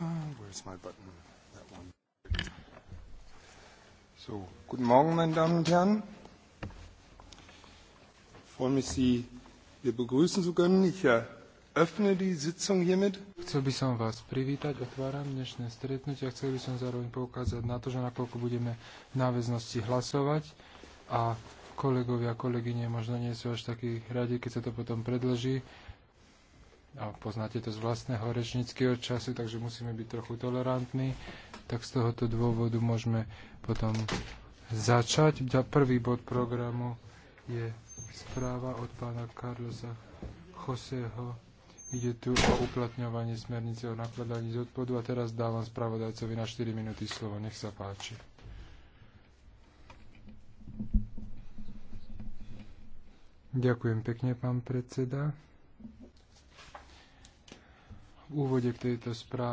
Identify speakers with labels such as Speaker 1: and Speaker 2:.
Speaker 1: Ah, where's my button? That one. So, guten Morgen, meine Damen und Herren. Ich freue mich, Sie hier begrüßen zu können. Ich
Speaker 2: eröffne die Sitzung hiermit. Chcel by som vás privítať, otváram dnešné stretnutie a chcel by som zároveň poukázať na to, že nakoľko budeme v náväznosti hlasovať a kolegovia kolegyne možno nie sú až takí radi, keď sa to potom predlží, a poznáte to z vlastného rečníckého času, takže musíme byť trochu tolerantní, tak z tohoto dôvodu môžeme potom začať. Prvý bod programu je správa od pána Carlosa Joseho. Ide tu o uplatňovanie smernice o nakladaní z odpadu a teraz dávam spravodajcovi na 4 minúty slovo. Nech sa páči. Ďakujem pekne, pán predseda úvode k tejto správe.